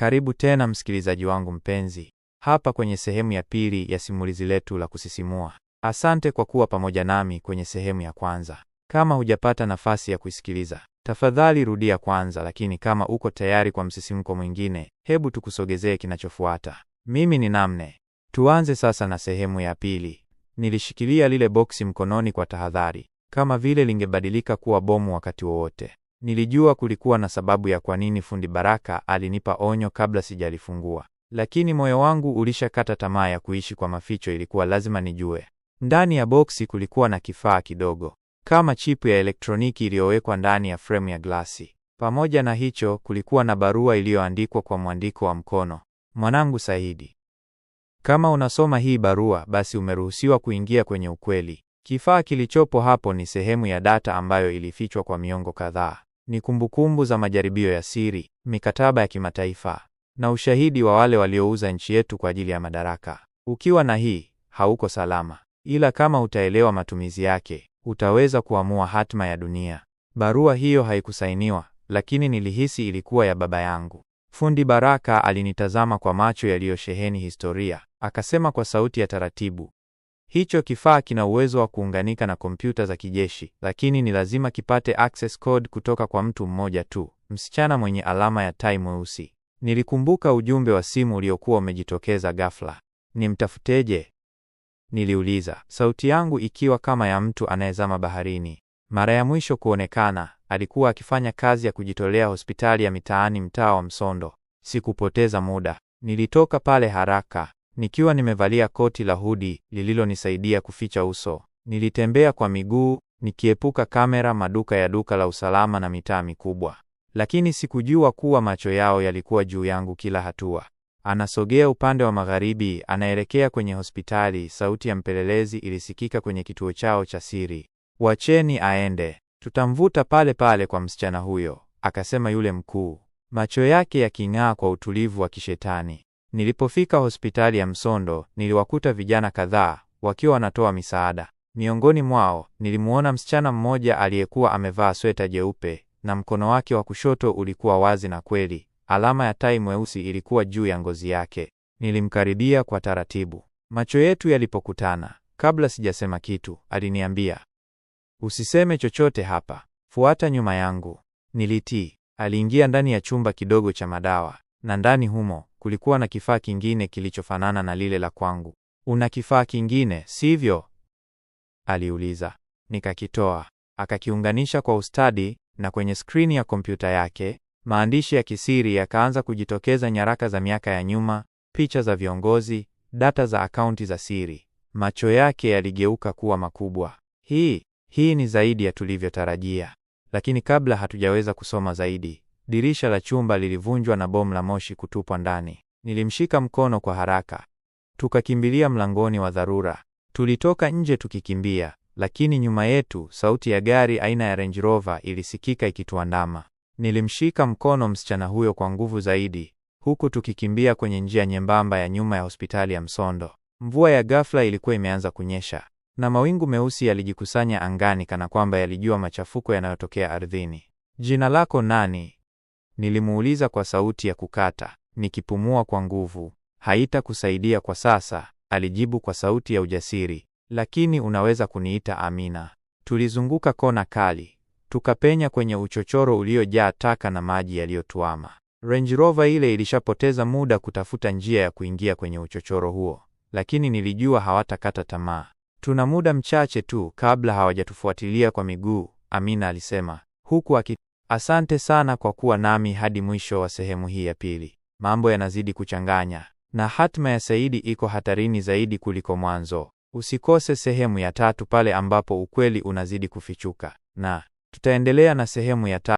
Karibu tena msikilizaji wangu mpenzi, hapa kwenye sehemu ya pili ya simulizi letu la kusisimua. Asante kwa kuwa pamoja nami kwenye sehemu ya kwanza. Kama hujapata nafasi ya kuisikiliza, tafadhali rudia kwanza, lakini kama uko tayari kwa msisimko mwingine, hebu tukusogezee kinachofuata. Mimi ni Namne. Tuanze sasa na sehemu ya pili. Nilishikilia lile boksi mkononi kwa tahadhari, kama vile lingebadilika kuwa bomu wakati wowote. Nilijua kulikuwa na sababu ya kwa nini fundi Baraka alinipa onyo kabla sijalifungua, lakini moyo wangu ulishakata tamaa ya kuishi kwa maficho. Ilikuwa lazima nijue. Ndani ya boksi kulikuwa na kifaa kidogo kama chipu ya elektroniki iliyowekwa ndani ya fremu ya glasi. Pamoja na hicho, kulikuwa na barua iliyoandikwa kwa mwandiko wa mkono: mwanangu Saidi, kama unasoma hii barua, basi umeruhusiwa kuingia kwenye ukweli. Kifaa kilichopo hapo ni sehemu ya data ambayo ilifichwa kwa miongo kadhaa ni kumbukumbu za majaribio ya siri, mikataba ya kimataifa na ushahidi wa wale waliouza nchi yetu kwa ajili ya madaraka. Ukiwa na hii, hauko salama, ila kama utaelewa matumizi yake, utaweza kuamua hatima ya dunia. Barua hiyo haikusainiwa, lakini nilihisi ilikuwa ya baba yangu. Fundi Baraka alinitazama kwa macho yaliyosheheni historia, akasema kwa sauti ya taratibu, Hicho kifaa kina uwezo wa kuunganika na kompyuta za kijeshi, lakini ni lazima kipate access code kutoka kwa mtu mmoja tu, msichana mwenye alama ya tai mweusi. Nilikumbuka ujumbe wa simu uliokuwa umejitokeza ghafla. Nimtafuteje? Niliuliza, sauti yangu ikiwa kama ya mtu anayezama baharini. Mara ya mwisho kuonekana, alikuwa akifanya kazi ya kujitolea hospitali ya mitaani, mtaa wa Msondo. Sikupoteza muda, nilitoka pale haraka. Nikiwa nimevalia koti la hudi lililonisaidia kuficha uso, nilitembea kwa miguu nikiepuka kamera, maduka ya duka la usalama na mitaa mikubwa, lakini sikujua kuwa macho yao yalikuwa juu yangu kila hatua. Anasogea upande wa magharibi, anaelekea kwenye hospitali, sauti ya mpelelezi ilisikika kwenye kituo chao cha siri. Wacheni aende, tutamvuta pale pale kwa msichana huyo, akasema yule mkuu, macho yake yaking'aa kwa utulivu wa kishetani. Nilipofika hospitali ya Msondo, niliwakuta vijana kadhaa wakiwa wanatoa misaada. Miongoni mwao nilimuona msichana mmoja aliyekuwa amevaa sweta jeupe na mkono wake wa kushoto ulikuwa wazi, na kweli alama ya tai mweusi ilikuwa juu ya ngozi yake. Nilimkaribia kwa taratibu. Macho yetu yalipokutana, kabla sijasema kitu, aliniambia usiseme chochote hapa, fuata nyuma yangu. Nilitii. Aliingia ndani ya chumba kidogo cha madawa, na ndani humo kulikuwa na kifaa kingine kilichofanana na lile la kwangu. Una kifaa kingine, sivyo? aliuliza. Nikakitoa. Akakiunganisha kwa ustadi, na kwenye skrini ya kompyuta yake maandishi ya kisiri yakaanza kujitokeza: nyaraka za miaka ya nyuma, picha za viongozi, data za akaunti za siri. Macho yake yaligeuka kuwa makubwa. Hii hii ni zaidi ya tulivyotarajia. Lakini kabla hatujaweza kusoma zaidi, Dirisha la chumba lilivunjwa na bomu la moshi kutupwa ndani. Nilimshika mkono kwa haraka, tukakimbilia mlangoni wa dharura. Tulitoka nje tukikimbia, lakini nyuma yetu sauti ya gari aina ya Range Rover ilisikika ikituandama. Nilimshika mkono msichana huyo kwa nguvu zaidi, huku tukikimbia kwenye njia nyembamba ya nyuma ya hospitali ya Msondo. Mvua ya ghafla ilikuwa imeanza kunyesha na mawingu meusi yalijikusanya angani kana kwamba yalijua machafuko yanayotokea ardhini. Jina lako nani? nilimuuliza kwa sauti ya kukata, nikipumua kwa nguvu. Haitakusaidia kwa sasa, alijibu kwa sauti ya ujasiri, lakini unaweza kuniita Amina. Tulizunguka kona kali, tukapenya kwenye uchochoro uliojaa taka na maji yaliyotuama. Range Rover ile ilishapoteza muda kutafuta njia ya kuingia kwenye uchochoro huo, lakini nilijua hawatakata tamaa. Tuna muda mchache tu kabla hawajatufuatilia kwa miguu, Amina alisema huku aki Asante sana kwa kuwa nami hadi mwisho wa sehemu hii ya pili. Mambo yanazidi kuchanganya na hatma ya Saidi iko hatarini zaidi kuliko mwanzo. Usikose sehemu ya tatu pale ambapo ukweli unazidi kufichuka, na tutaendelea na sehemu ya tatu.